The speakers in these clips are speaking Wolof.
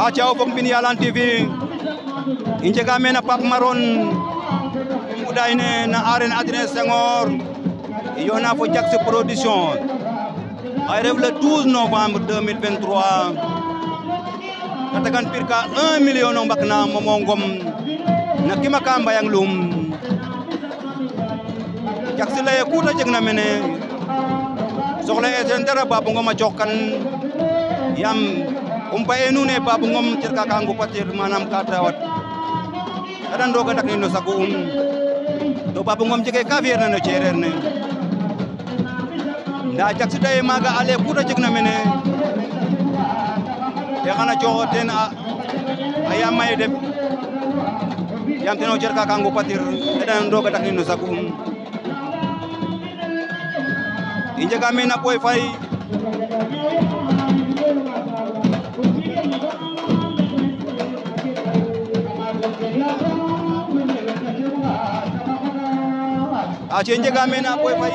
aca ah, o fog mbind Yalane TV i njega meen a Pape Marone nguday ne na arène Adrien Senghor i yoona fo Diaks Production xaye ref le 12 novembre 2023 Katagan Pire ka 1 million o mbak na Momo Ngom na kima ka mbayang lum Diaks leye ku ta jeg na mene soxla e ten dara Babou Ngom a yam umbaye nune babu ngom cirka kangu patir manam kadawat, adan doga tak no sagu um do pa bungom jege kavier na no cerer ne nda jak sudah maga ale kuda jigna mene ya kana jogo ten a aya may de yam teno cirka kangu patir adan doga tak nino sagu um injaga mena poi fai a ce jega meen a koy fay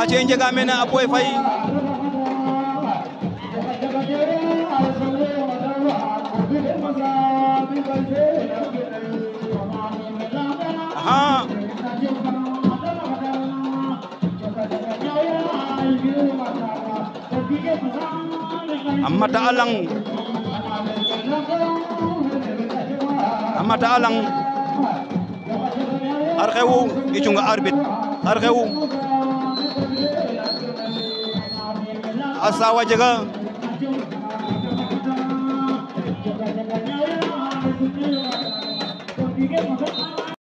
a ce jega meen a koy fay Amata Alang Amata Alang ar xewu i cunga arbitre ar xewu a sawa jega